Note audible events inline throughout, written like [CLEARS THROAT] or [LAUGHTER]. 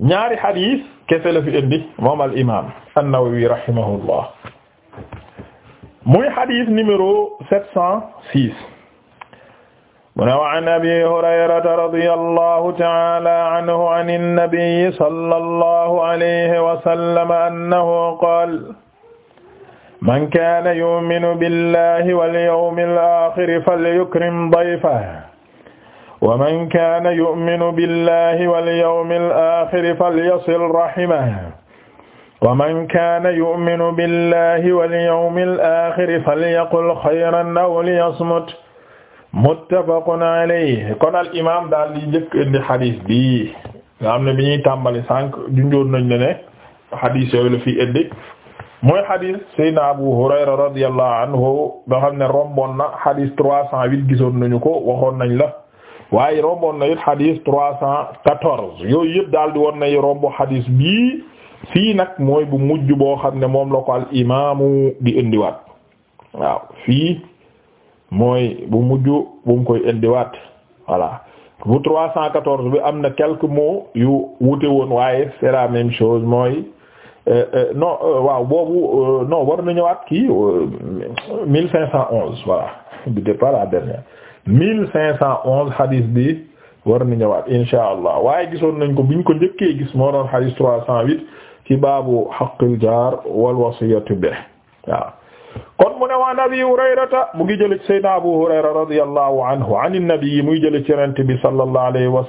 ñaari xadiis kese la fi indi moom al imaam an-Nawawi rahimahullah muy xadiis numéro 706 mu ne wa an abi hurayrata radiyallahu ta'ala anhu an an-nabi sallallahu alayhi wa sallam annahu qaala man kaana yu'minu billahi wal yawmil aaxiri falyukrim dayfahu wa man kaana yu'minu billahi wal yawmil aaxiri falyasil rahimahu wa man kaana yu'minu billahi wal yawmil aaxiri falyaqul xayran aw liyasmut muttafaqun alayhi kon al imaam daal di njëkk indi xadis bi nga xam ne bi ñuy tàmbali sànq junjoon nañ ne ne xadis yooyu la fi indi mooy xadis Seydina Abu Hurayra radiyallahu anhu nga xam ne romboon na xadis trois cent huit gisoon nañu ko waxoon nañ la. waaye romboon na it xadis trois cent quatorze yooyu yëpp daal di woon na romb xadis bii fii nag mooy bu mujj boo xam ne moom la ko al imaamu di indiwaat waaw fii mooy bu mujj bu mu koy indiwaat voilà bu trois cent quatorze bi am na quelques mots yu wute woon waaye c'est la même chose mooy euh, euh, non euh, waaw boobu non war na ñëwaat ki mille cinq cent onze voilà bi [LAUGHS] départ la dernière mille cinq cent onze hadis bi war na ñëwaat waaye gisoon nañ ko biñ ko njëkkee gis moo doon hadis trois cent huit ci baabu haqqil jaar wal be waaw kon mu ne waan abi hurayrata mu ngi jële ci sayyidina abu hurayra anhu an an bi sallallahu alayhi wa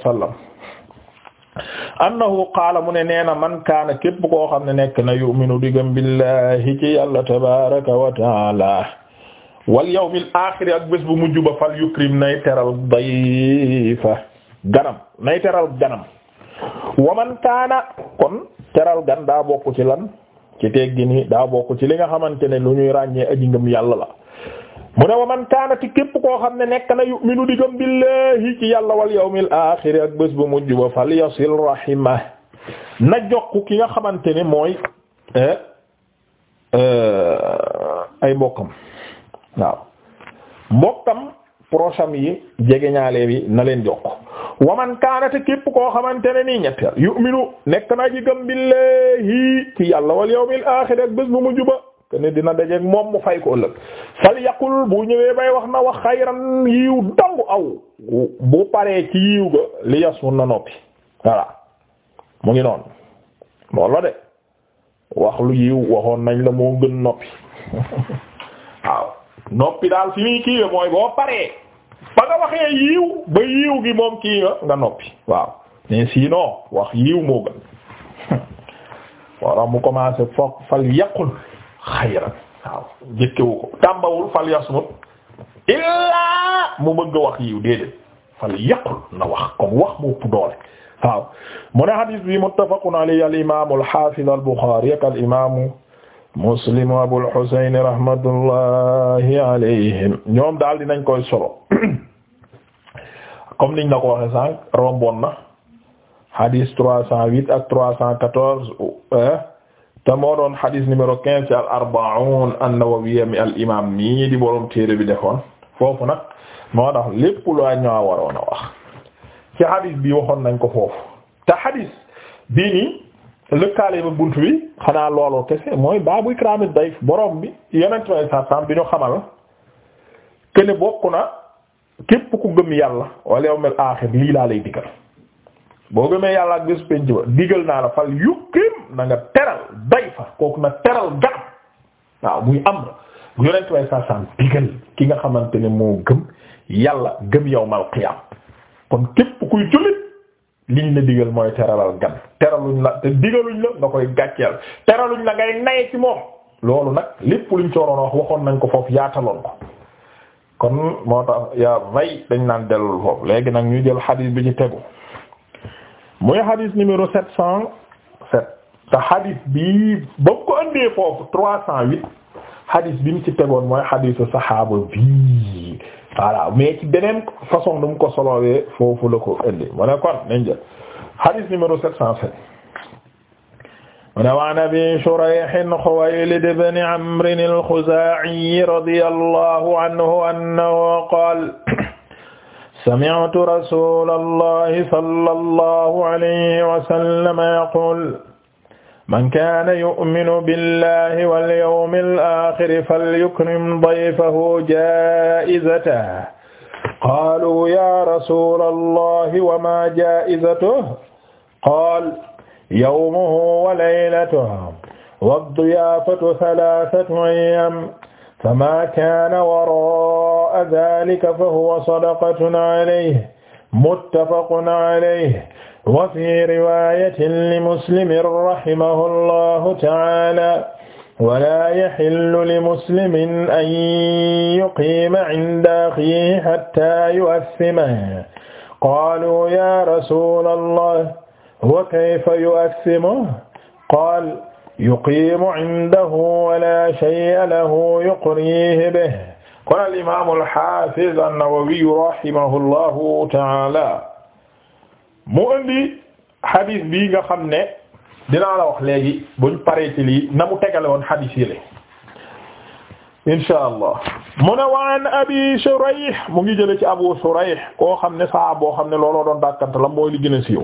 mu ne nee na man kaana képp koo xam ne nekk na yu'minu digam billahi ci yàlla tabaraka wa wal yawmil aaxir ak bés bu mujj ba fal yukrim nay teral dayfa ganam nay teral ganam waman kaana kon teral gan daa bokk ci lan ci teggi ni daa bokk ci li nga xamante ne lu ñuy ràññee aji ngëm yàlla la mu ne waman kaana képp koo xam ne nekk na yu'minu di gëm billahi ci yàlla wal yawmil aaxir ak bés bu mujj ba fal yasil rahima na jokk ki nga xamante ni mooy eh, eh, ay mbokkam waaw mbokkam procham yi jege ñaale yi na leen jokk waman kaanate képp koo xamante ne nii ñetteel yu'minu nekk naa ji gëm billahi ci yàlla wal yawmil aaxir ak bés bu mu juba te ne dina dajeeg moom mu fay ko ëllëg fal yaqul bu ñëwee bay wax na wax xayran yiiw dong aw bu paree ci yiiw ga li yasun na noppi voilà mu ngi noonu loolu de wax lu yiw waxoon nañ la mu gën noppi [LAUGHS] waaw noppi daal fi muy kiiwe mooy boo paree ba nga waxee ba yiiw gi moom kii nga noppi waaw si sinon wax yiiw moo gën [LAUGHS] wara mu commencé foog fal yaqul xayran waaw jëkkewu ko tàmbawul fal yasmut illaa mu bëgg wax yiw déedéet fal na wax kon wax mu ëpp doole waaw mu ne hadis bi muttafaqun alayhi al imam al hafiz al muslimu abul xusayn rahmatullahi alayhim ñoom daal dinañ koy solo [CLEARS THROAT] comme niñ la ko waxe sànq rombon na hadis trois cent huit ak trois cent quatorze eh? te moo doon hadis numéro quinze ci al arbaun an-nawawiyya mi al imam mii di borom téere bi defoon foofu nag moo tax lépp laa ñoo a wax ci hadis bi waxoon nañ ko foofu te hadis bii nii lëkkaale ba bunt bi xanaa looloo kese mooy baabu ikraami dayf borom bi yonent bi saa saam bi ñu xamal kene bokk na képp ku gëm yàlla wal yawmil aaxir lii laa lay digal boo gëmee yàlla ak bés penc ba digal naa la fal yukrim na nga teral dayfa kooku na teral gan waaw muy am yonent bi saa saam ki nga xamante ne moo gëm yàlla gëm yow qiyaam kon képp kuy jullit liñ la digal mooy teralal gan teraluñ la te digaluñ la nga koy gàcceel teraluñ la ngay naye ci moom loolu nag lépp luñ ci waroon wax waxoon nañ ko foofu yaataloon ko kon moo tax yaa vay dañ naan dellul foofu léegi nag ñuy jël xadis bi ci tegu muy xadis numéro sept cent sept te xadis bi ba ko andee foofu trois cent huit xadis bi mu ci tegoon mooy xadisu saxaaba bi voilà mais ci beneen façon nu mu ko solowee foofu la ko indi mu ne kon nañ jël hadith numéro 707 mu ne waan abi Shurayh Khuwaylid ibn Amr al-Khuzaa'i radiyallahu anhu annahu qaala sami'tu rasuulallahi sallallahu alayhi wa sallam yaqul man kaana yu'minu billahi wal yawmil aaxiri falyukrim dayfahu jaa'izatahu qaaluu yaa rasuulallahi wa maa jaa'izatuhu qaala yawmuhu wa laylatuhu wad-diyaafatu salaasatu ayyaam famaa kaana waraa'a zaalika fahuwa sadaqatun alayhi muttafaqun alayhi wa fi riwaayatin li muslimin rahimahu allahu taala wala yaxillu li muslimin an yuqiima cinda axiihi xatta yu'assimahu qaaluu yaa rasuula allah wa kayfa yu'assimuhu qaala yuqiimu cindahu wala shay'a lahu yuqriihi bihi qaala al-imaam al-xaafiz an-nawawi rahimahu allahu taala mu indi hadith bii nga xam ne dinaa la wax léegi buñ paree ci lii na mu tegale woon hadith yi le insha allah mu ne waan abi Shurayh mu ngi jële ci abu Shurayh koo xam ne saa boo xam ne looloo doon dàkkante la mooy li gën a siiw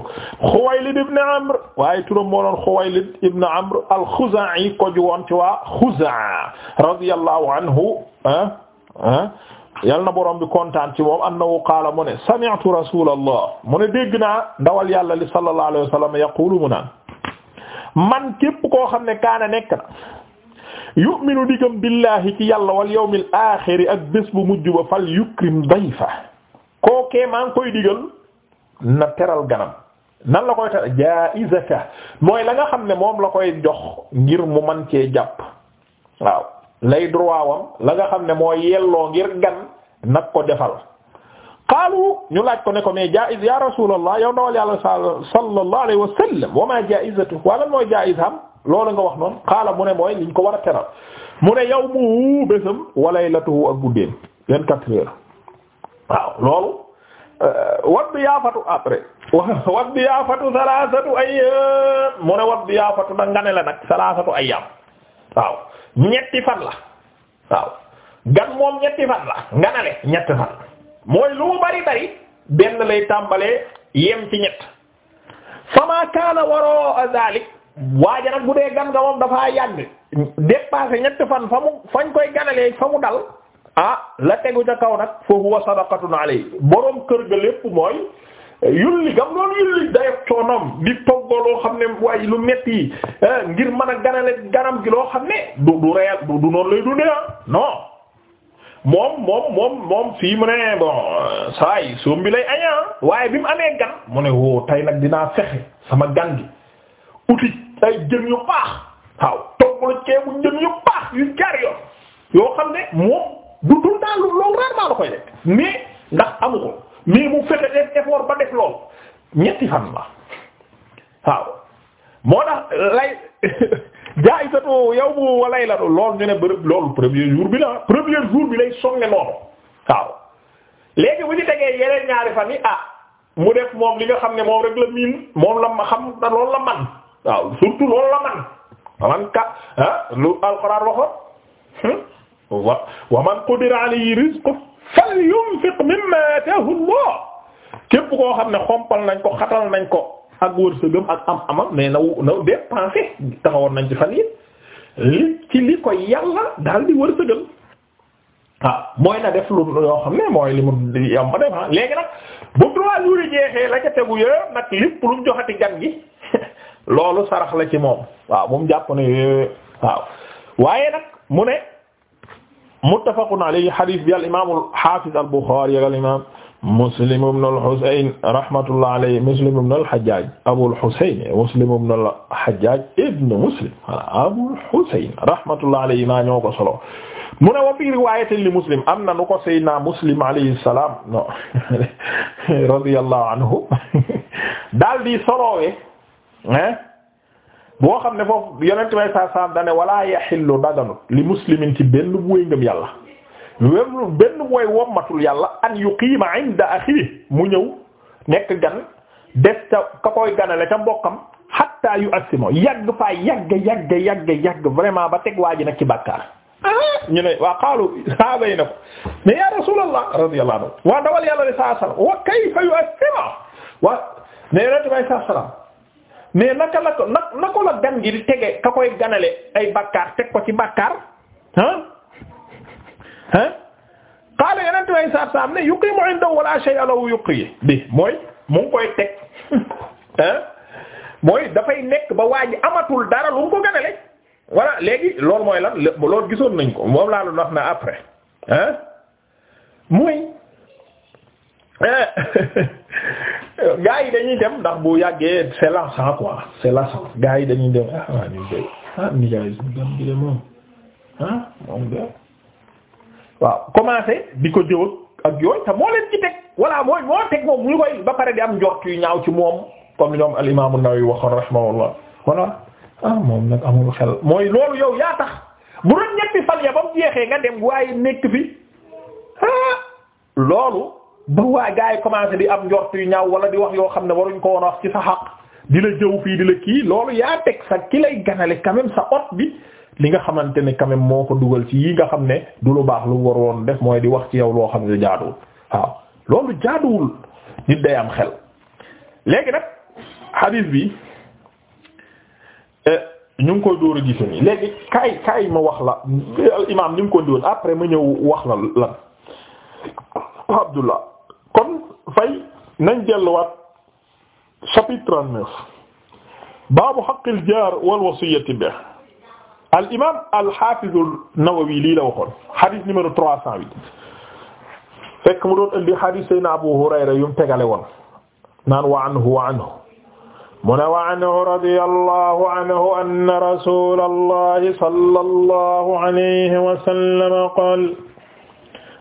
Xuwaylid ibn Amr waaye turam moo doon Xuwaylid ibn Amr al-Xuzaa'i ko ju woon ci waa Xuzaa radiyallahu anhu ah ah yàlla na boroom bi kontaan ci moom annahu qaala mu ne sami'tu rasulallah mu ne dégg naa ndawal yàlla li sallallahu alayhi wa sallam yaqulu mu naan man képp koo xam ne kaana nekk na yu'minu digam billahi ci yàlla wal yawmil aaxiri ak bés bu mujj ba fal yukrim dayfa kookee maa ngi koy digal na teral ganam nan la koy teral jaa'izaka mooy la nga xam ne moom la koy jox ngir mu man cee jàpp waaw lay droit wam la nga xam ne moo yelloo ngir gan nag ko defal qaalu ñu laaj ko ne ko mais jaiz ya rasulallah yow ndawal yàlla sallallahu alayhi wa sallam wa ma jaizatu wala mooy jaiz am loolu nga wax noonu qaala mu ne mooy liñ ko war a teral mu ne yawmuhu bésam wa laylatuhu ak guddeem vingt-quatre heures waaw loolu euh, wat bi yaafatu après [LAUGHS] wat bi yaafatu salasatu ayyam mu ne wat yaafatu nag nga la nag salasatu ayyam waaw ñetti fan la waaw gan moom ñetti fan la nganale ñetti fan mooy lu mu bari bari benn lay tàmbalee yem ci ñett fama kaana waroo dalik waaja nag bu dee gan nga moom dafa yàgg dépassé ñetti fan fa mu fañ koy ganalee fa mu dal ah la tegu ca kaw nag fa huwa sadaqatun alayhi borom kër ga lépp mooy yulli gam loolu yulli dayo coonoom di toggoo loo xam ne waaye lu metti yi eh, ngir mën a ganale ganam gi loo xam ne du du reyal du noonu lay dundee ah non moom moom moom fii mu ne bon saa soom bi lay añaa ah. waaye bi mu amee gan mu ne woo tey nag dinaa fexe sama gan gi uti ay jën yu baax waaw toggalu ceebu jën yu baax yu jar yoon yoo xam ne moom du dul daal loolu rarement la koy def mais ndax amu ko mais mu fexe def effort ba def lool ñetti fan la waaw moo tax lay [LAUGHS] jaayisatu yawmu wa laylatu lool ñu ne bërëb loolu premier jour bi la premier jour bi lay songe noonu waaw léegi bu ñu tegee yeneen ñaari fan yi ah mu def moom li nga xam ne moom rek miin moom la ma xam da loolu la man waaw surtout loolu la man waman ka ah lu alxuraan waxoon hmm? wa wa man qudira alayhi rizquhu fal yunfiq mimma ataahu Allah képp koo xam ne xompal nañ ko xatal nañ ko ak wërsëgam ak am amam mais na na dépensé taxawoon nañ ci fan yi li ci li ko yàlla daal di wërsëgam waaw ah, mooy na def lu yoo xam ne mooy li mu yam ba def ah léegi nag bu trois jours yi jeexee la ca tegu yooyu nag lépp lu joxati gan gi [LAUGHS] loolu sarax la ci moom waaw moom jàpp ne waaw waaye nag mu ne muttafaqun alayhi hadith bi al imaam al haafiz al buxaari ak al imaam muslim ibn al husayn rahmatullah alayhi muslim ibn al hajjaaj abul husayn muslim ibn al hajjaaj ibn muslim abul husayn rahmatullah alayhi maa ñoo ko solo mu ne wa fi riwaayatin li muslim am na nu ko sayyidina muslim alayhi salaam no [LAUGHS] radiyallahu anhu [LAUGHS] daal di solowe boo xam ne foofu yonent bay saa saam dane wala yaxillu daganu li muslimin ci benn woy ngëm yàlla wémlu benn woy wommatul yàlla an yuqiima inda axihi mu ñëw nekk gan des ca ka koy ganale ca mbokkam hatta yu assimo yàgg faa yàgg yàgg yàgg yàgg vraiment ba teg waa ji nag ci bàkkaar ñu ne waa qaalu saaba yi na ko mais rasulallah radiyallahu anhu waa dawal yàlla sallallahu alayhi wa kayfa yu assimo waa ne yonent bay saa mais naka la ko na ko la gan gi di tege ka koy ganale ay bakkaar teg ko ci bakkaar ah ah xaala yenent way sar sam ne yuqimu indahu wala shay'a lahu yuqi bi mooy mu koy teg ah [LAUGHS] mooy dafay nekk ba waa amatul dara lu mu ko ganale voilà léegi loolu mooy lan loolu gisoon nañ ko moom laa la wax na après ah mooy Eh, [LAUGHS] gaa yi dañuy dem ndax bu yàggee c'est lancant quoi c'est lancant gaa yi dañuy dem ah waa ñu koy ah ñu jaay suñu gan de moom ah waaw commencé di ko jëw ak yooyu te moo leen ci teg voilà mooy moo teg moom ñu koy ba pare di am njort yu ñaaw ci moom comme ñoom al imam an-Nawawi waxoon rahimahullah ah moom nag amul xel mooy loolu yow yaa tax bu doon ñetti fan ya ba mu jeexee nga dem waaye nekk fi ah, loolu. ba waa gars yi commencé di am njort yu ñaaw wala di wax yoo xam ne waruñ ko woon a wax ci sa xaq di la jëw fii di la kii loolu yaa teg sa ki lay ganale quand même sa ot bi li nga xamante ne quand moo ko dugal ci yi nga xam ne du lu baax lu war woon def mooy di wax ci yow loo xam ne jaaduwul waaw loolu jaaduwul nit day am xel léegi nag hadith bi eh, ñu ngi koy dóor a gis nii léegi kaay kaay ma wax la imaam ni mu ko doon après ma ñëw wax la lan Abdullah kon fay nañ delluwaat chapitre trente-neuf baabu haqqil jaar wal wasiyyati bih al imaam al haafiz an-Nawawi lii la waxoon hadith numéro trois cent huit fekk mu doon indi hadith sayna Abu Hurayra yu mu tegale woon naan wa anhu wa anhu mu ne wa anhu radiyallahu anhu anna rasuulallahi sallallahu alayhi wa sallam qaala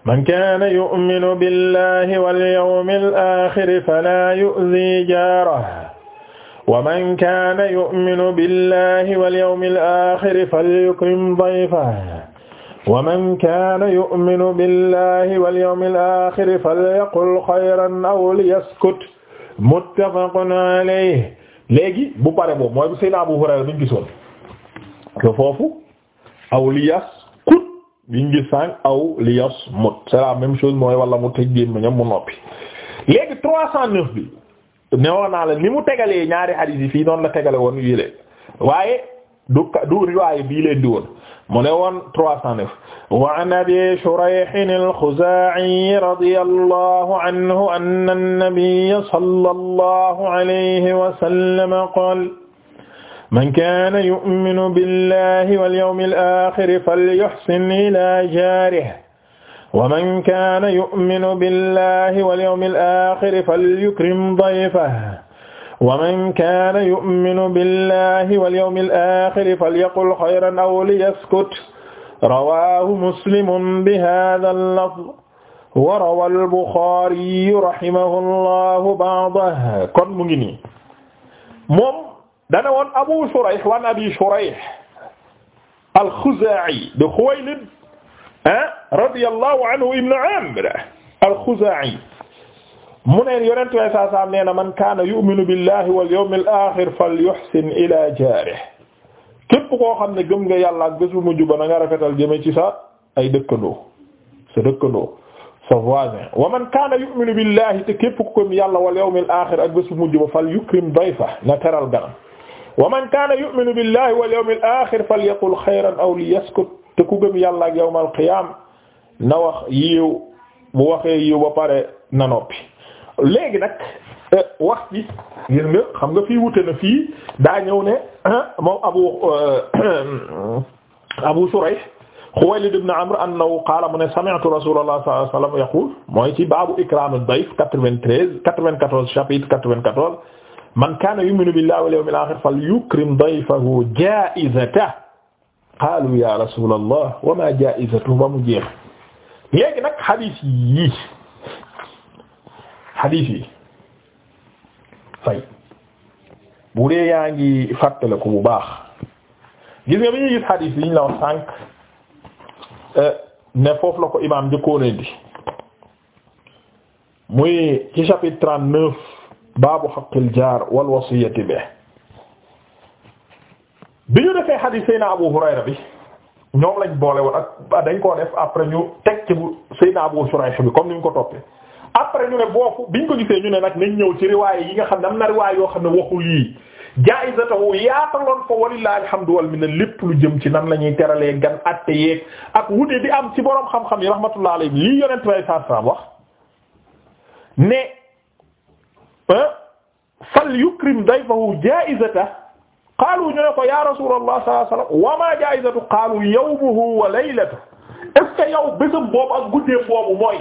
man kaana yu'minu billahi wal yawmil aaxiri falaa yu'zi jaarahu wa man kaana yu'minu billahi wal yawmil aaxiri falyukrim dayfahu wa man kaana yu'minu billahi wal yawmil aaxiri falyaqul xayran aw liyaskut muttafaqun alayhi léegi bu pare boobu mooy Seydina Abu Hurayra bi ñu gisoon foofu aw liyas liñ gis sànq aw li yos mut c'est la même chose mooy wala mu tëj gémmiñam mu noppi léegi trois cent neuf bi newoon naa la ni mu tegalee ñaari hadith yi fii noonu la tegale woon yile waaye du du riwaaye bii leen di woon mu ne woon trois cent neuf wa an abi shurayh al-khuzaa'i radiyallahu anhu anna an-nabiyya sallallahu alayhi wa sallam qaala man kaana yu'minu billahi wal yawmil aaxiri falyuhsin ilaa jaarihi wa man kaana yu'minu billahi wal yawmil aaxiri falyukrim dayfahu wa man kaana yu'minu billahi wal yawmil aaxiri falyaqul xayran aw liyaskut rawaahu muslimun bihaadhal lafz wa rawal buxaari rahimahullaahu ba'dahu kon mu ngi nii moom dana woon Abu Shurayh wan Abi Shurayh al-Khuzaa'i de Khuwaylid ah radiyallahu anhu ibn Amr al-Khuzaa'i mu ne yonent way saa saam nee na man kaana yu'minu billahi wal yawmil aaxir falyuhsin ilaa jaarihi képp koo xam ne gëm nga yàlla ak bés bu mujj ba na nga rafetal jëme ci sa ay dëkkandoo sa dëkkandoo sa voisin wa man kaana yu'minu billahi te képp ku gëm yàlla wal yawmil aaxir ak bés bu mujj ba falyukrim dayfahu na teral ganam wa man kaana yu'minu billahi wal yawmil aaxir falyaqul xayran aw liyaskut te ku gëm yàlla ak yawmal qiyaam na wax yiw bu waxee yiw ba pare na noppi léegi nag eh, wax ci gis nga xam nga fii wute na fii daa ñëw ne ah, moom abu eh, abu Shurayh Xuwaylid ibn Amr annahu qaala mu ne sami'tu rasulallah sallallahu alayhi wa sallam yaqul mooy ci baabu ikraamud dayf 93 94 chapitre 94 man kaana yu'minu billahi wal yawmil akhir falyukrim dayfahu jaa'izatahu qaalu ya rasulallah wa ma jaa'izatuhu ba mu jeex léegi nag hadith yi hadith yi fay bu dee yaa ngi fàttale ko bu baax gis nga bi ñuy gis hadith yi ñu la wax sànq euh, ne foofu la ko imaam njëkkoon di muy ci chapitre trente-neuf baabu xaqil jaar wal wasiyati be bi ñu defee xadiis Seydina Abu Hurayra bi ñoom lañ boole woon ak dañ koo def après ñu teg ci bu Seydina Abu Shurayh bi comme ni ñu ko toppee après ñu ne boofu biñ ko gisee ñu ne nag nañ ñëw ci riwaay yi nga xam ne am na riwaay yoo xam ne waxul yii jaayizatahu yaataloon ko walillahi alhamdu wal minna lépp lu jëm ci nan la ñuy teralee gan atte yeeg ak wute bi am ci boroom xam-xam yi rahmatullah alayhi lii yonent way saar saam fal yukrim dayfahu jaa'izata qaalu ñu ne ko ya rasulallah sallallahu alayhi wasallam wa ma jaa'izatu qaalu yawmuhu wa laylatuhu est yow bésam boobu ak guddee boobu mooy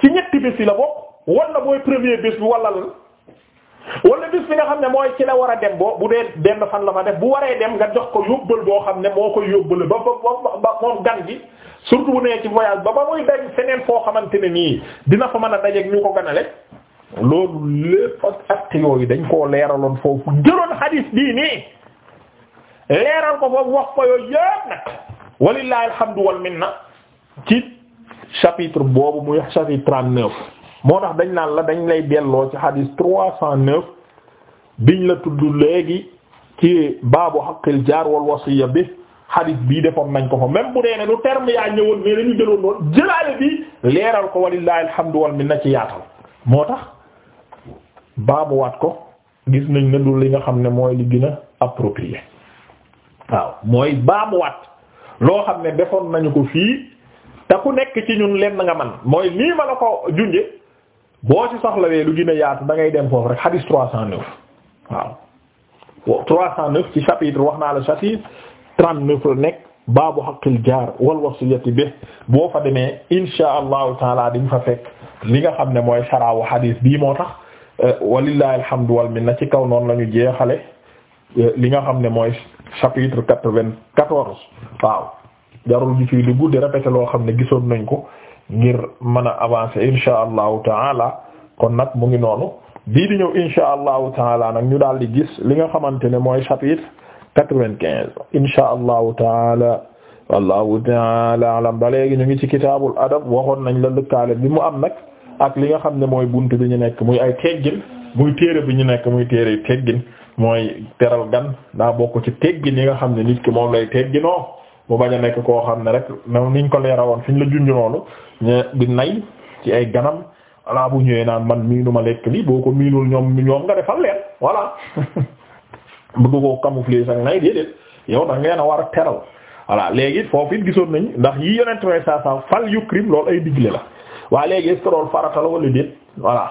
ci ñetti bés yi la bokk wala booy premier bés bi walla lan wala bés bi nga xam ne mooy ci la war a dem boo bu dee dend fan la fa def bu waree dem nga jox ko yóbbal boo xam ne moo koy yóbbale ba ba ba moom gan gi surtout bu nee ci voyage ba ba muy dañ feneen foo xamante ne nii dina fa mën a dajeeg ñu ko ganale loolu lépp ak acte dañ koo leeraloon foofu jëloon xadiis bii nii leeral ko foofu wax ko yooyu yëpp nag walillahi alhamdu wal ci chapitre boobu muy chapitre trente-neuf moo tax dañ naan la dañ lay delloo ci xadiis trois cent neuf biñ la tudd léegi ci baabu xaqil jaar wal wasiya bi xadiis bii defoon nañ ko fa même bu dee ne du terme yaa ñëwoon mais dañu jëloon lool jëlaale bi leeral ko walillahi alhamdu wal ci yaatal moo tax baabuwaat ko gis nañ ne du li nga xam ne mooy li gën a approprié waaw mooy waat loo xam ne defoon nañu ko fii te ku nekk ci ñun lenn nga man mooy nii ma la ko junje boo ci soxlawee lu gën a yaatu da ngay dem foofu rek hadis 309 waaw 309 ci chapitre wax naa la chapitre 39 la nekk baabu haqqil jaar wal wasiyati bi boo fa demee insha allahu taala di fa fekk li nga xam ne mooy saraawu hadis bii moo tax. Euh, walillahi alhamdu wal minna ci kaw noonu lañu jeexale euh, li nga xam ne mooy chapitre quatre-vingt-quatorze waaw jarul ji fii di guddi répété loo xam ne gisoon nañ ko ngir mën a avancer insha allahu taala kon nag mu ngi noonu bii di ñëw insha allahu taala nag ñu daal di gis li nga xamante ne mooy chapitre quatre-vingt-quinze insha allahu taala wallahu taala alam ba léegi ñu ngi ci kitaabul adab waxoon nañ la lëkkaale bi mu am nag ak li nga xam ne mooy bunt bi ñu nekk muy ay teggin muy téere bi ñu nekk muy téere teggin mooy teral gan daa bokk ci teggin yi nga xam ne nit ki moom lay tegginoo mu bañ a nekk koo xam ne rek même niñ ko leera woon fi ñu la junj noonu di nay ay ganam alaa bu ñëwee naan man miinuma lekk li boo ko miinul ñoom ñoom nga defal leen voilà [LAUGHS] bëgg ko camoufler sax nay déedéet yow da ngeen na war a teral voilà léegi foofu it gisoon nañ ndax yi yeneen may saa saa fal yukrim loolu ay digle la waa léegi est-ce farata la wala déet voilà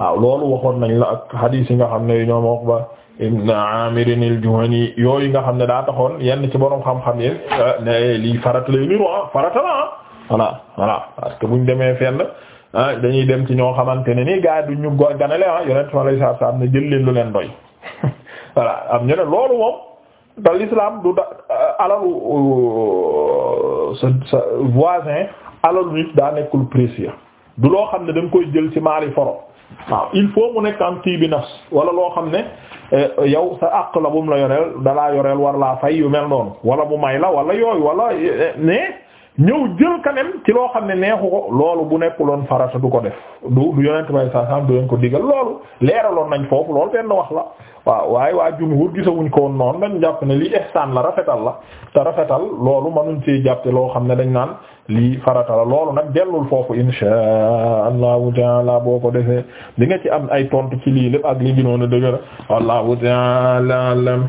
waaw loolu waxoon nañ la ak hadith yi nga xam ne ñoom Uqba ibn Amir al-Juhani yooyu nga xam ne daa taxoon yenn ci boroom xam-xam yi eh, ne lii farata lay niru ah farata la ah voilà voilà parce que buñ demee fenn ah, dañuy dem ci ñoo xamante ne nii gars yi duñ ñu ganale ah yonent sallallahu alayhi wasallam ne jël leen lu leen doy [LAUGHS] voilà am ñu ne loolu moom. te l'islam du da euh, alalu euh, sa sa voisin alalu nit daa nekkul précieux du loo xam ne da nga koy jël ci maali foro il faut mu nekk am kii bi nafs wala loo xam ne euh, yow sa àq la bu la yoreel dalaa yoreel war laa fay yu mel noon wala bu may la wala yooyu wala mais ñëw jël kanem ci loo xam ne neexu ko loolu bu loon farata du ko def du du yonent bay saa saam du leen ko digal loolu leeraloon nañ foofu loolu benn wax la waaw waaye waa jumhur gisawuñ ko woon noonu dañ jàpp ne lii ihsaan la rafetal la te rafetal loolu mënuñ ci jàpp loo xam ne dañ naan lii farata la loolu nag dellul foofu inshaa allahu taala boo ko defee di nga ci am ay tontu ci lii lépp ak li ginoon a dëgëra wallahu taala alam